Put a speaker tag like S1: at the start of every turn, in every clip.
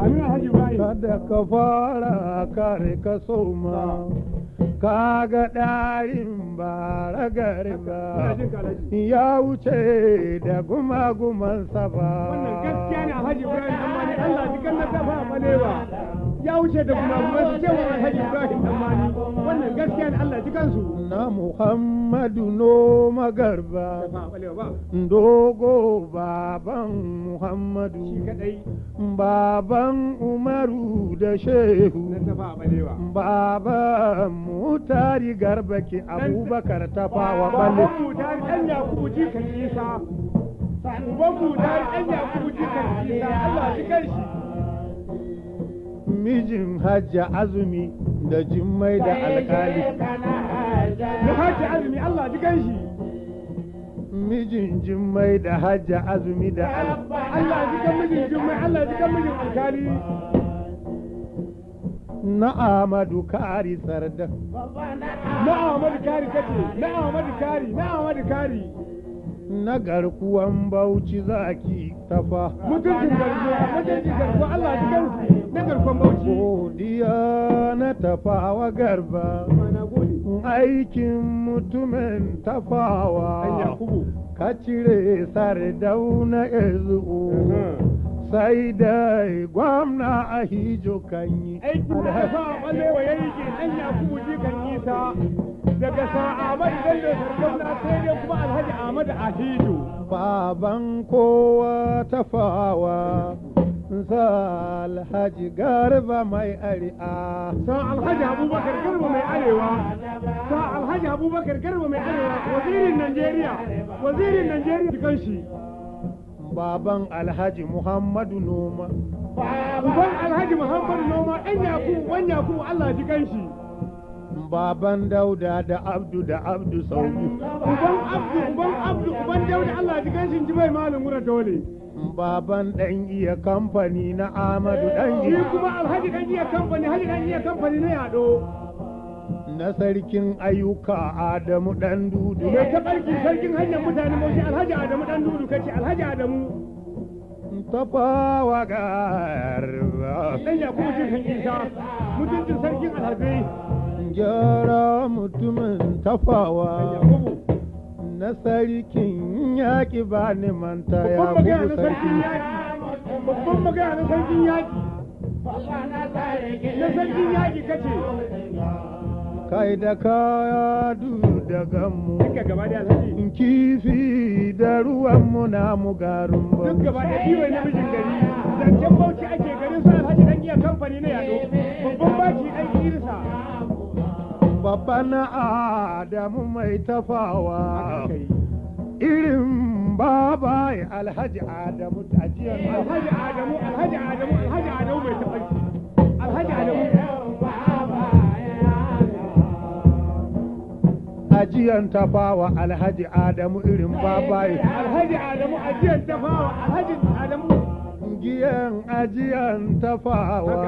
S1: kada ka fara kare ka soma ka ga ɗarin bara
S2: garga
S1: ya wuce da guma-gumansa ba wannan gaskiya ne a hajji bayan Allah kan na kafa balewa ya wuce da kuma ce wa alhaji ibrahim damani wannan gaskiya ne allah ji kansu na muhammadu no magarba dogo baban muhammadu baban umaru da shehu baban mutari garba ke abubakar fawa bale Uban mu k'u ji yakubu
S3: jikan isa Allah ji kan shi.
S1: mijin hajja azumi da jimmai da alkali
S2: da hajja azumi Allah ji shi.
S1: mijin jimmai da hajja azumi da alkali Allah ji kan mijin jimmai Allah ji kan mijin alkali na Ahmadu Kari Sarda.
S3: Na Ahmadu Kari kake, na Ahmadu Kari, na Ahmadu Kari.
S1: Na garkuwan Bauchi zaki tafa. Mutuncin garkuwa, mutuncin garkuwa Allah ji garkuwa. Godiya na tafawa garba, aikin mutumin tafawa, ka cire sardauna ezu'u. sai dai gwamna a hijo kan yi.
S2: Aikin da haifa a ɓallewa ya yi ke nan
S3: ya kuma ji kan isa daga sa'a mai zalle gwamna sai dai kuma alhaji
S1: Ahmadu a hijo. Baban kowa ta fawa. sa alhaji garba mai ari'a sa alhaji abubakar garba mai arewa sa alhaji abubakar garba mai arewa wazirin najeriya wazirin najeriya kan shi baban alhaji muhammadu noma
S3: baban alhaji muhammadu noma ɗan yakubu wan yakubu allah ji kan shi
S1: baban dauda da abdu da abdu sau uban
S2: abdu uban abdu uban dauda allah ji kan
S1: shi ji bai malin wura dole baban dan iya kamfani na amadu dan iya kuma alhaji dan iya kamfani alhaji dan iya kamfani na yaɗo. na sarkin ayyuka adamu dan dudu Me ta barki sarkin hanyar mutane mu shi alhaji adamu dan dudu kace alhaji adamu tafawa garba dan ya kuma jin isa mutuncin sarkin alhaji gyara mutumin tafawa na sarkin yaƙi ba ni manta ya mutu sarkin yaƙi. Babban magana na sarkin yaƙi.
S3: Na sarkin yaƙi ce.
S1: Kai da kaya duk da gammu. Duka da ruwan Kifi na mu garin ba. Duk gaba da biyu na mijin gari. Zancen
S3: bauchi ake garin su alhaji dan iya kamfani na yado. Babban baki aiki irisa.
S1: babban adamu mai tafawa irin baba ya alhaji adamu ta ajiyar eh, alhaji adamu
S3: alhaji
S2: adamu alhaji adamu mai tafarki alhaji adamu
S1: ajiyan tafawa alhaji adamu irin babaye eh, alhaji
S2: adamu ajiyan tafawa alhaji adamu giyan
S1: ajiyan tafawa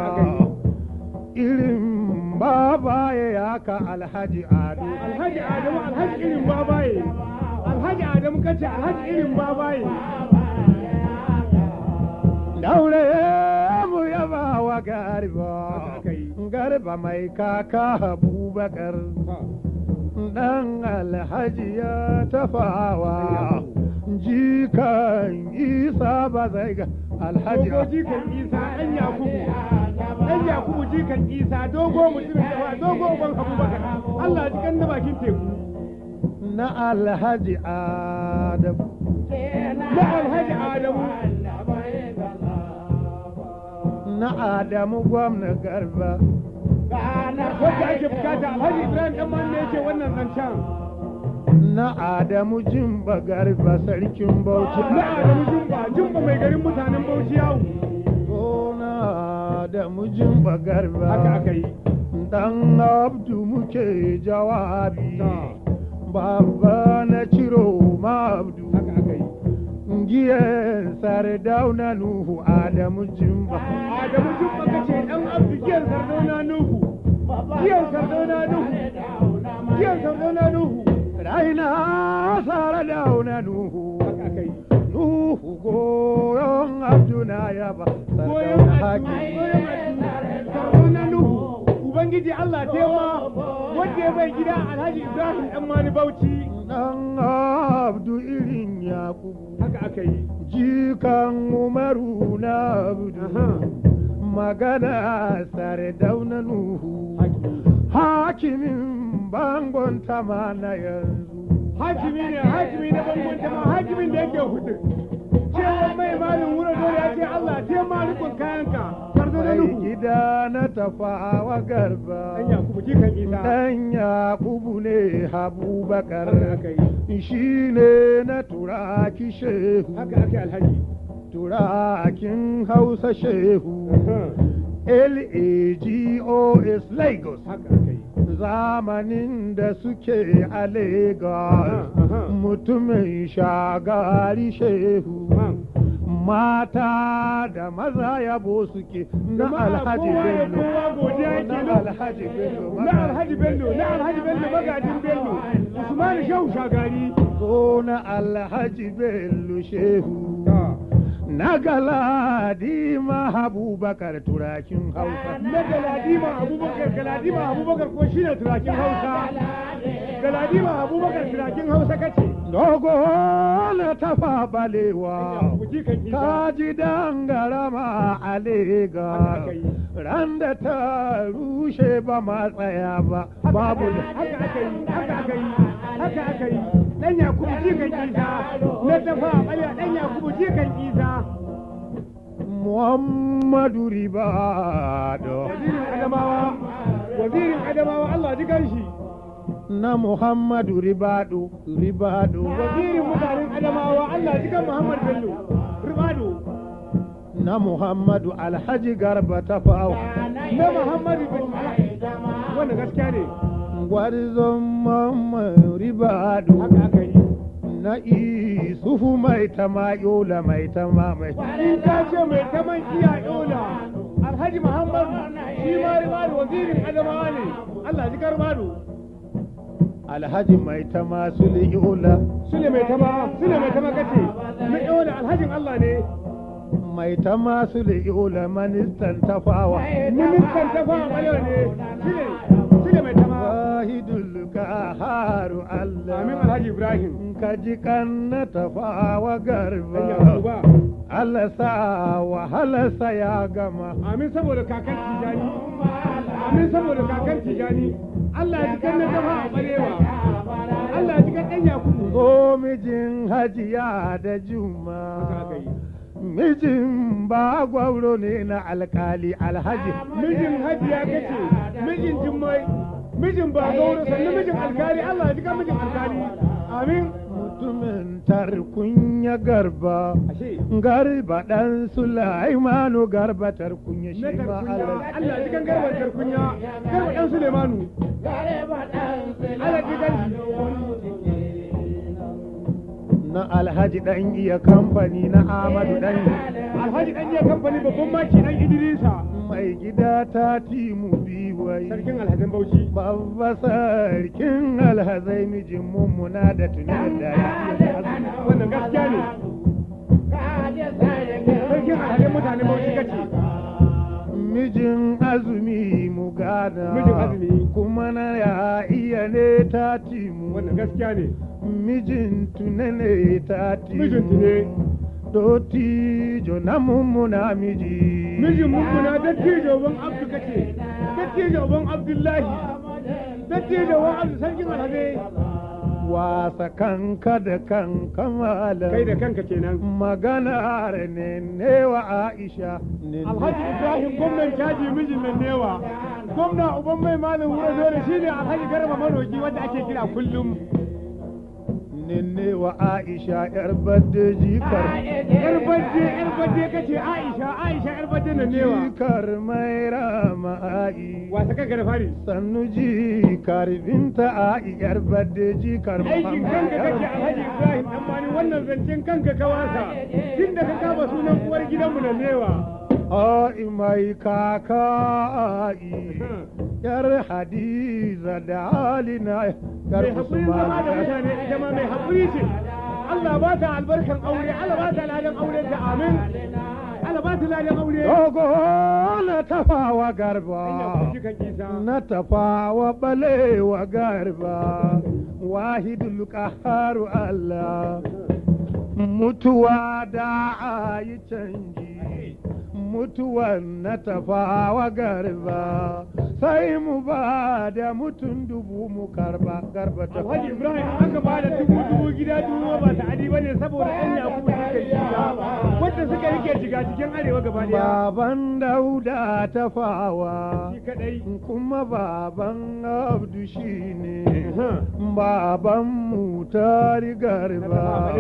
S1: irin babaye ya ka alhaji ado alhaji adamu alhaji irin babaye alhaji adamu kace
S2: alhaji irin babaye daure
S1: mu ya ba wa garba garba mai kaka abubakar dan alhaji ya tafawa jikan isa ba zai ga alhaji jikan
S3: isa an yakubu dan yakubu
S1: jikan isa dogo mutumin da dogo uban abubakar
S2: allah ji kan da bakin teku
S1: na alhaji adam na alhaji
S2: adamu na
S1: adamu gwamna garba
S2: wadda ake bukata alhaji ibrahim ɗan man yake wannan zancen
S1: na adamu jimba garba sarkin bauchi na adamu jimba jimba mai garin mutanen bauchi yawo adamu jin bagarba haka aka yi dan abdu muke jawabi babba na ciro ma abdu haka aka yi giyar nuhu adamu jin ba
S3: adamu jin ba kace dan abdu
S1: giyar dauna nuhu giyar dauna nuhu giyar dauna nuhu raina dauna nuhu haka aka yi ruhu goyon abduna ya ba sardauna haƙi ubangiji allah tema wanda ya bai gida alhaji ibrahim dan mani bauchi dan abdu irin yakubu haka aka yi jikan umaru na abdu magana dauna nuhu hakimin bangon tama na yanzu hakimi ne hakimi na bangon jama'a hakimin da yake hudu
S3: cewa mai malin wura dole ya ce Allah ce ma rikon kayanka garda da nuhu
S1: gida na tafawa garba dan yakubu ne abubakar shi ne na turaki shehu turakin hausa shehu L-A-G-O-S Lagos. Haka, okay. zamanin da suke a Lagos mutumin shagari shehu mata da maza yabo suke na alhaji bello na alhaji bello na alhaji bello na alhaji bello bello usman shehu shagari so oh, na alhaji bello shehu na galadima abubakar turakin hausa na galadima abubakar galadima abubakar ko shi ne turakin hausa galadima abubakar turakin hausa kace dogo na tafa balewa kaji ji dangarama alega Randa ta rushe ba ma tsaya ba babu haka akai haka akai haka akai
S3: dan yakubu jikan isa na tafa amarya dan yakubu jikan isa
S1: muhammadu ribado wazirin adamawa wazirin adamawa allah jikan shi na muhammadu ribado ribado wazirin mutanen adamawa allah jikan muhammad bello ribado na muhammadu alhaji garba tafawa na muhammadu bello wanda gaskiya ne gwarzon mamman ribadu na isufu mai tama yola mai tama mai ta ce mai taman iya yola alhaji Muhammadu shi ma ribadu wazirin adamawa ne allah ji karbado alhaji mai tama sule yola sule mai tama sule mai tama kace na yola alhajin allah ne mai ta masu da iola ministan tafawa ministan tafawa ne shi ne shahidul kaharu Allah amin alhaji ibrahim ka ji kanna tafawa garba Allah sa wahalarsa ya gama amin saboda kakar tijani amin saboda kakar tijani Allah ya ji kanna tafa a barewa Allah ya ji kan ɗan yakubu zo mijin hajiya da juma mijin ba gwauro ne na alkali alhaji mijin hajiya kace mijin jimmai
S2: mijin ba gauru sannu mijin alkali Allah ya jika mijin alkali amin
S1: mutumin tarkun ya garba garba dan sulaimanu garba tarkun
S2: ya shi ma Allah Allah ya jikan garba tarkun ya garba dan sulaimanu garba dan sulaimanu
S1: na alhaji dan iya kamfani na amadu dan alhaji dan iya kamfani babban maki dan idirisa mai gida ta timu biwai sarkin alhazin bauchi babba sarkin alhazai mijin mummuna da tuni da wannan gaskiya ne
S3: sarkin alhazin mutane bauchi kace
S1: mijin azumi mijin azumi kuma na ya iya ne ta timu wannan gaskiya ne mijin tune ne ta ci mijin tune dottijo na mummuna miji mijin mummuna ban abdu
S3: kace dattijo
S1: ban abdullahi ban abdu sarkin alhaji wasa kanka da kanka malam kai da kanka kenan magana ne newa aisha alhaji ibrahim gwamnan jaji mijin nan newa gwamna uban mai malam wuri dole shine alhaji garba manoki wanda ake kira kullum ninne wa Aisha yar badde jikar yar badde yar badde kace Aisha Aisha yar badde nan ne wa jikar mai rama ai wa ta saka ga fari sannu jikar binta ai yar badde jikar kan ka kace Alhaji Ibrahim amma ni wannan zancen kanka ka wasa tunda ka kaba sunan uwar gidanmu nan ne wa Ho'i mai kaka'i yar hadiza da alina yar usman. da mutane mai haƙuri ce. Allah ba ta albarkan aure, Allah ba ta aure da amin. Allah ba ta aure. na tafawa garba. Na tafawa balewa garba. Wahidul qaharu Allah. mutuwa da a yi
S2: canji
S1: mutuwan na tafawa garba sai mu ba da mutum dubu mu karba garba ta kwaji ibrahim an ka ba da dubu dubu gida dubu ba ta adi bane saboda yan yakubu suka yi ba wanda suka rike jiga cikin arewa gaba daya baban dauda tafawa kuma baban abdu shine baban mu tari garba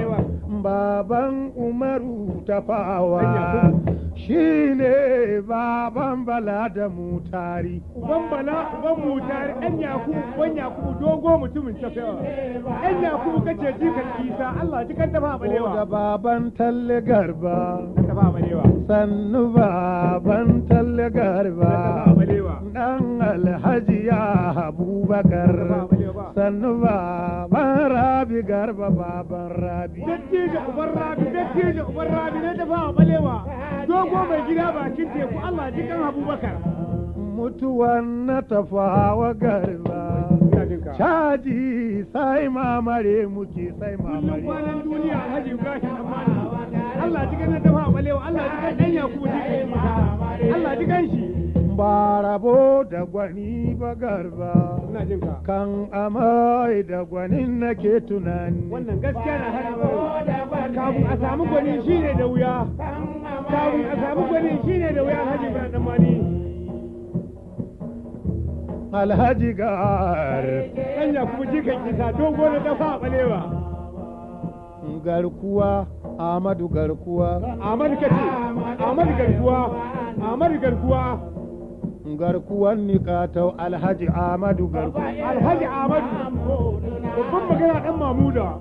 S1: baban umaru tafawa shi ne baban bala da mutari ban bala ban mutari ɗan yakubu ban yakubu dogo mutumin tafiya ɗan yakubu kace jikan kisa allah jikan tafa balewa da baban talle garba sannu baban talle da dan alhaji ya abubakar sannu ba ban rabi garba ba ban rabi na gida bakin teku allah abubakar mutuwan na tafawa garba caji sai mamare muke sai mamare kullum kwanan
S3: duniya alhaji ibrahim Allah ji ganin dafa balewa Allah ji kan dan yaku ji Allah ji kan shi
S1: ba rabo da gwani ba garba kan amai da gwanin nake tunani wannan gaskiya na haraba kafin a samu gwani shine da wuya kafin a samu gwani shine da wuya hajji ibrahim dan mani
S2: Alhaji
S1: gar. Kanya kuma jikan kisa dogo da dafa balewa. garkuwa Ahmadu garkuwa Ahmadu kace Ahmadu
S2: garkuwa Ahmadu
S1: garkuwa garkuwan nikatau Alhaji Ahmadu garkuwa
S3: Alhaji Ahmadu babban magana dan Mamuda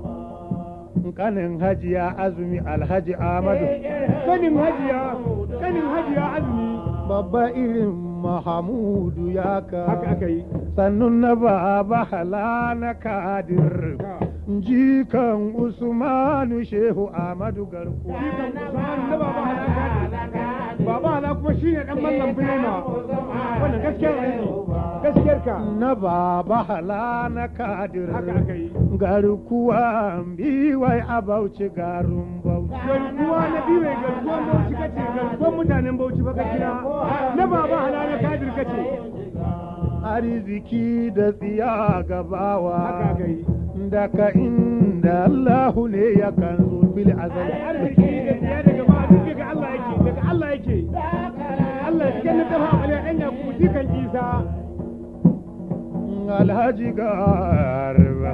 S1: kanin hajiya azumi Alhaji Ahmadu
S2: kanin hajiya kanin hajiya azumi
S1: babba irin Mahamudu ya ka haka aka yi sannu na baba hala na kadir jikan usmanu shehu amadu garkuwa
S3: jikan usmanu na baba hala kadir baba hala kuma shi ne dan mallam birema wannan gaskiyar
S1: gaskiyar ka na baba hala na kadir garkuwa biwai a bauchi garin bauchi garkuwa na biwai garkuwan bauchi kace garkuwan mutanen bauchi baka kira na baba hala na kadir kace arziki da tsiya bawa, daga inda Allah ne ya kan zurfil azal arziki da tsiya daga
S3: bawa duk daga Allah yake daga Allah yake Allah
S1: alhaji garba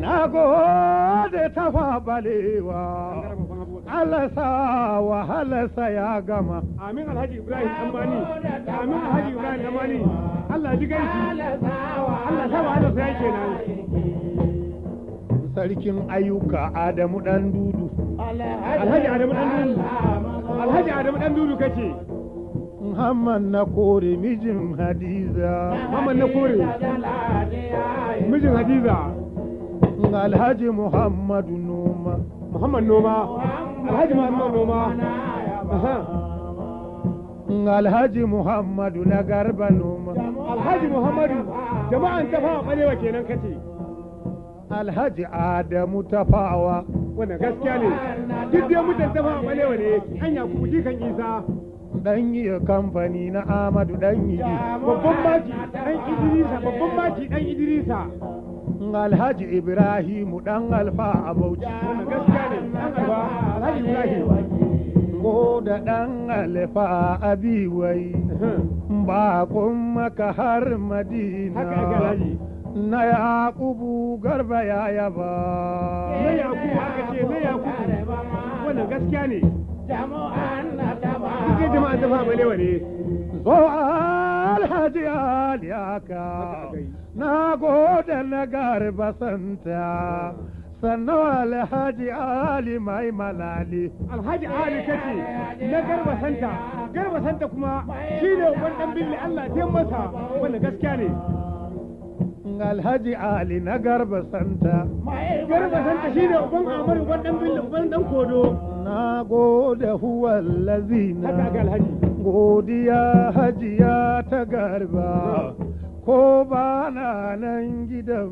S1: na gode balewa alasa wahalarsa ya gama.
S3: Amin Alhaji Ibrahim Amani, amin Alhaji
S2: Ibrahim Amani, Allah ji gaiki, Allah sa wahalarsa ya ke nan.
S1: Sarkin ayyuka Adamu dan dudu.
S2: Alhaji Adamu dan dudu, Alhaji Adamu dan dudu kace.
S1: Muhammad na kore mijin Hadiza. Muhammad na kore mijin Hadiza. Alhaji Muhammadu Noma. muhammad noma alhaji muhammad noma alhaji muhammadu na garba noma alhaji muhammadu jama'an tafawa balewa kenan kace alhaji adamu tafawa wannan gaskiya ne duk dai mutan tafawa balewa ne hanya ku kan isa dan yi kamfani na amadu dan yi
S3: babban maki dan idrisa babban maki dan idrisa
S1: alhaji ibrahimu dan alfa a bauchi ko da dan alfa a biwai bakon maka har madina na yaƙubu garba ya yaba ya yaƙubu aka
S3: ce me yaƙubu wannan gaskiya ne jama'an na taba jama'a ta fa balewa ne
S1: alhaji aliyaka na gode na garba santa sannan alhaji ali mai malali alhaji ali kace na garba santa garba santa kuma shine wannan billi Allah ya gaskiya ne alhaji ali na garba santa garba santa shine uban amari wannan billi uban dan kodo na gode huwa lazina. haka ga alhaji godiya hajiya ta garba ko ba na nan gidan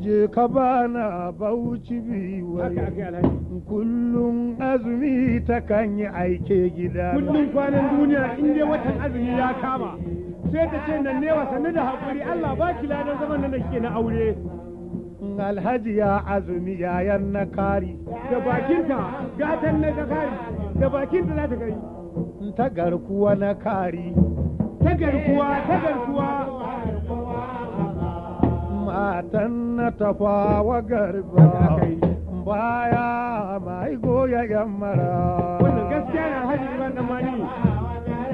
S1: je ka bana bauchi biwai kullum azumi ta kan yi aike gida kullum kwanan duniya in watan azumi ya kama sai ta ce nan ne wasanni da haƙuri Allah ba ki ladan zaman nan da ke na aure alhaji ya azumi yayan na kari da bakinta gatan na kari da bakinta za ta kari ta garkuwa na kari
S3: ta garkuwa ta garkuwa
S1: matan na tafawa garba baya mai goya yan mara wannan gaskiya na hajji ba da mani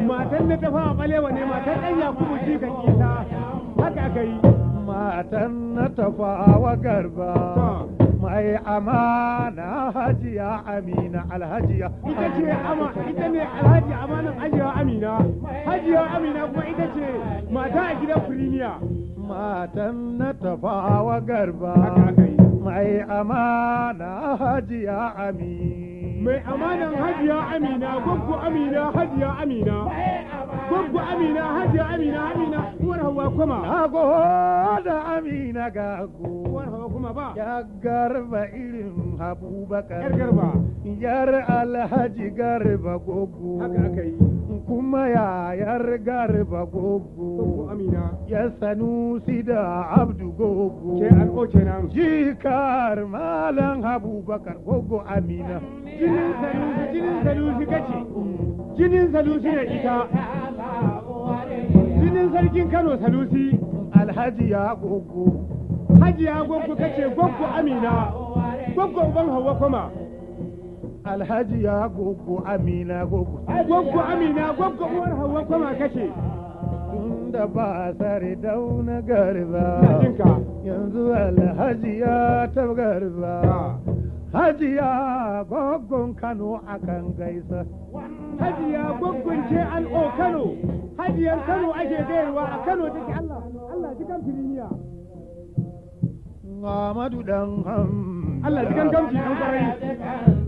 S1: matan na tafawa balewa ne matan ɗan yakubu shi kan kisa, haka aka yi matan na tafawa garba mai amana hajiya amina alhajiya ita ce ama ita ne alhaji amanan hajiya amina hajiya amina
S3: kuma ita ce mata a gidan firimiya
S1: matan na tafawa garba mai amana hajiya amina mai amanan hajiya amina gwaggo amina hajiya amina Goggo Amina, Hajiya Amina, Amina, uwar hawa kuma. Na goda Amina ga go. Uwar hawa kuma ba. Ya garba irin Abubakar. Yar garba. Yar Alhaji garba gogo. Haka aka yi. Kuma ya yar garba gogo. Goggo Amina. Ya sanusi da Abdu gogo. Ke al'o kenan. Jikar Malam Abubakar gogo Amina. Jinin sanusi, jinin sanusi kace. Mm. Jinin sanusi ne ita. jinin sarkin kano sanusi alhaji ya gogo haji ya
S2: gogo kace gogo amina gogo
S1: uban hawa kuma alhaji ya gogo amina gogo gogo amina gogo uwar hawa kuma kace da ba sare dauna garba yanzu alhaji ya ta garba hajiya gogon kano akan gaisa hajiya gogon ce an o kano ajiyar
S2: Kano ake gaiwa a Kano take Allah Allah ji kan firimiya
S1: Muhammadu dan ham Allah ji gamji dan kwarai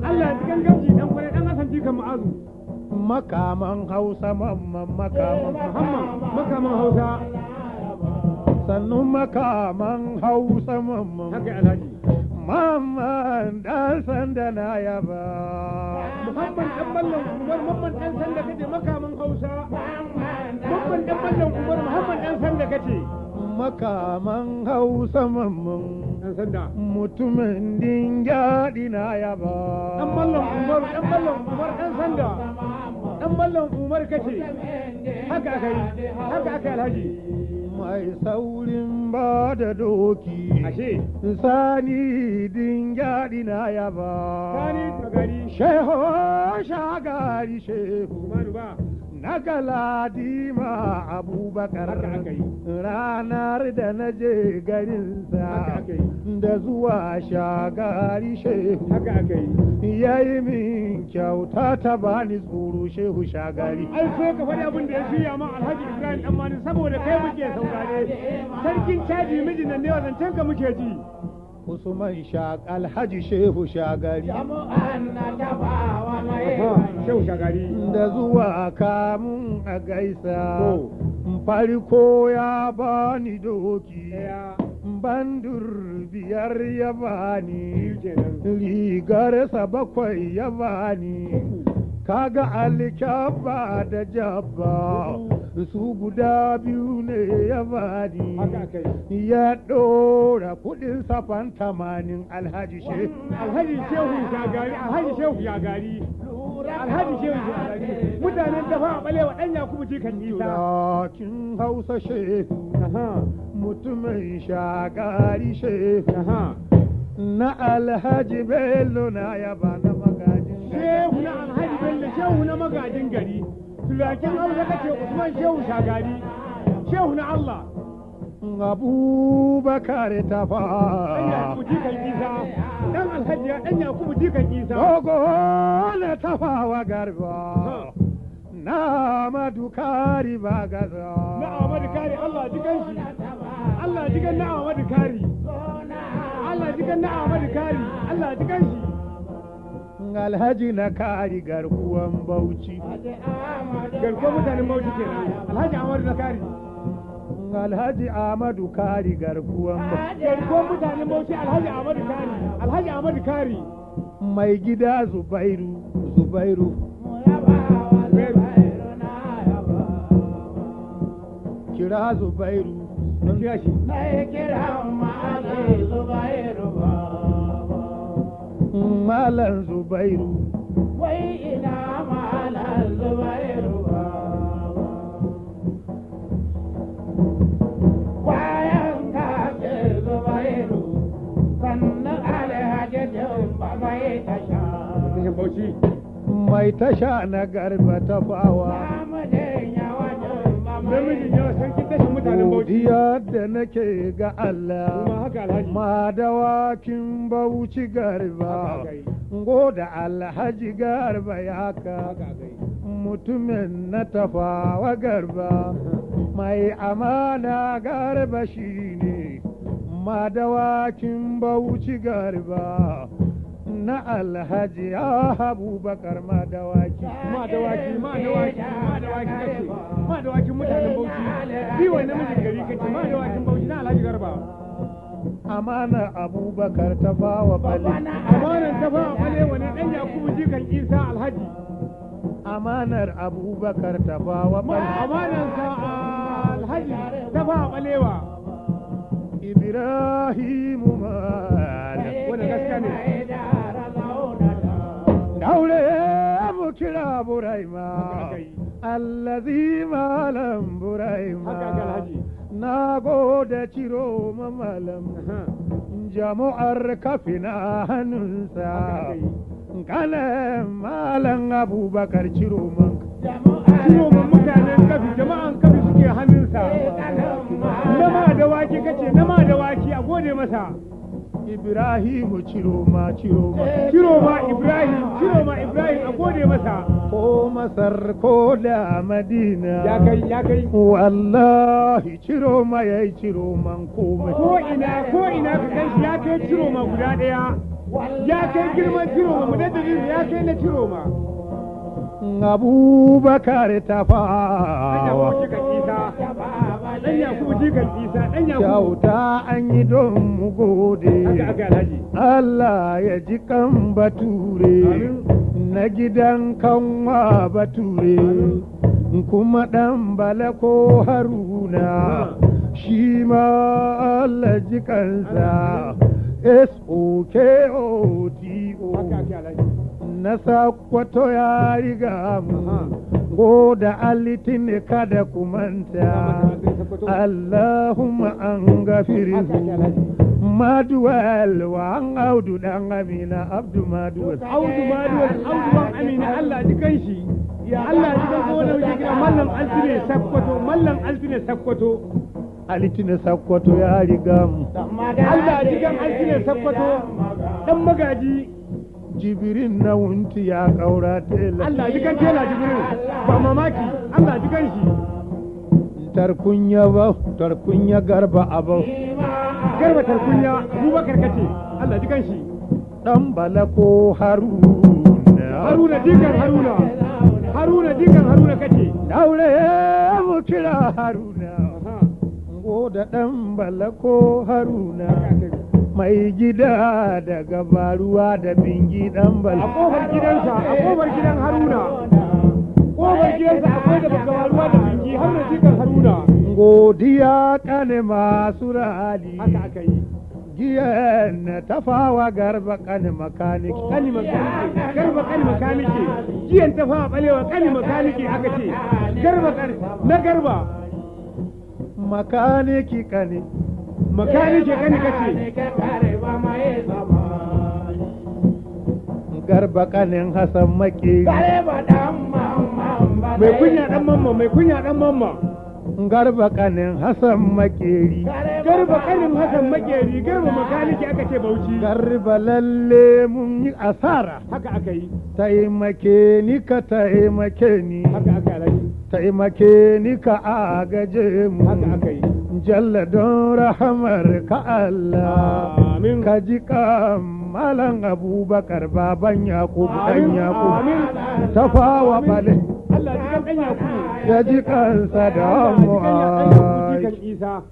S2: Allah ji gamji dan
S1: kwarai dan asan ji kan ma'azu makaman Hausa mamman makaman Muhammad makaman Hausa sannu makaman hausa mamman mamman dan sanda na yaba muhammad
S3: dan mallam mamman dan sanda kaje makaman hausa babban
S2: dan mallan umar muhammad dan
S1: sanda kace makaman hausa mamman mutumin dingaɗi na yaba dan mallan umar dan mallan
S3: dan sanda dan mallan umar kace haka aka yi
S1: haka aka alhaji mai saurin ba da doki sani dingaɗi na yaba sani shagari shehu shagari shehu na ma abubakar ranar da na je garinsa da zuwa shagari shehu ya yi min kyauta ta bani tsoro shehu shagari ai so ka faɗi abin da ya shirya ma alhaji ibrahim dan mani saboda kai muke saurare sarkin caji mijin nan ne wadancan ka muke ji Usman Shag Alhaji Shehu Shagari. Da zuwa kamun a gaisa, farko ya bani doki, bandur biyar ya bani, rigarsa bakwai ya bani, kaga alikaba da jabba. su guda biyu ne ya bani ya ɗora kuɗin safan tamanin alhaji shehu alhaji shehu ya gari alhaji shehu ya gari alhaji shehu ya gari mutanen dafa wa ɓalewa ɗan yakubu jikan nisa kin hausa shehu mutumin shagari shehu na alhaji bello na ya bana magajin shehu na alhaji bello shehu na magajin gari Abdulhakim Allah kace Usman Shehu Shagari Shehu na Allah Abubakar ta fa Dan Alhaji ya dan Yakubu jikan Isa Dogo le ta fa wa garba Na Amadu Kari ba gaza Na Amadu Kari Allah jikan
S3: shi Allah jikan na Amadu Kari Allah jikan na Amadu Kari Allah jikan shi
S1: alhaji na kari garkuwan bauchi
S3: garkuwan mutanen bauchi ke alhaji amadu na kari
S1: alhaji amadu kari garkuwan bauchi garkuwan mutanen bauchi alhaji
S3: amadu kari alhaji amadu kari
S1: mai gida zubairu zubairu kira zubairu don biya shi
S2: na kira zubairu
S1: malam zubairu
S3: wai ina malam zubairu zubairu
S1: mai tasha na garba ta bawa.
S3: godiya
S1: da nake ga Allah ma wakin bauchi garba goda alhaji garba ya ka mutumin na tafawa garba mai amana garba shine ma wakin bauchi garba na alhaji ya abubakar ma dawaki ma dawaki ma dawaki ma dawaki kace ma dawaki mutanen bauchi bi wai namijin gari kace ma dawakin bauchi na alhaji garba amana abubakar ta bawa bale amanar ta bawa bale wani dan yakubu jikan isa alhaji amanar abubakar ta bawa bale amanar sa alhaji ta bawa balewa ibrahimu malam wannan gaskiya ne aure abu kira buraima allazi malam buraima na gode ciro malam jama'ar kafina hannunsa kalan malam abubakar ciro man ciro man mutanen kafi jama'an kafi suke hannunsa nama da wake kace nama da wake a gode masa Ibrahimu Ciroma Ciroma Ciroma Ibrahim Ciroma Ibrahim a gode
S3: masa
S1: ko Masar ko da Madina ya kai ya kai wallahi Ciroma yayi Ciroman komai ko ina ko ina ka kai ya kai Ciroma guda daya
S2: ya kai girman Ciroma dadin ya kai na Ciroma
S1: Abubakar tafawa kyauta an yi don mu gode Allah ya ji kan bature na gidan kanwa bature kuma ɗan bala ko haruna shi ma Allah ji kansa S-O-K-O-T-O na sakwato ya riga mu goda alitine kada kumanta Allahumma an gafirihu maduwal wa an audu dan amina abdu audu maduwal audu amina Allah ji kanshi ya Allah ji kanshi wannan wuce kira mallam altine sakkwato mallam altine sakkwato altine sakkwato ya riga mu Allah ji kan sakkwato dan magaji jibirin na wunti ya kaura tela Allah ji kan tela tarkunya ba tarkunya garba abu garba tarkunya abubakar kace Allah ji kanshi dan bala ko haruna haruna dikan haruna haruna dikan haruna kace
S2: daure mu kira haruna
S1: da dan bala ko haruna mai gida daga baruwa da bingi dan bala a kofar gidansa a kofar
S3: gidan haruna
S2: da da
S1: godiya kane masu rahali haka aka yi giyan tafawa garba kane makaniki kane makaniki garba kane makaniki na tafawa balewa kane makaniki haka ce garba na garba makaniki kane makaniki kane kace garba kanin hasan makeri
S3: mai kunya dan mamma mai
S1: kunya dan mamma garba kanin hasan makeri garba kanin hasan makeri garba makaniki aka ce bauchi garba lalle mun yi asara haka aka yi taimake ni ka taimake ni haka aka yi taimake ni ka agaje mu haka aka yi jalla rahamar ka Allah amin ka ji malam abubakar baban yakubu dan yakubu tafawa bale
S3: allah
S1: ya ji kansa da
S2: mu'a.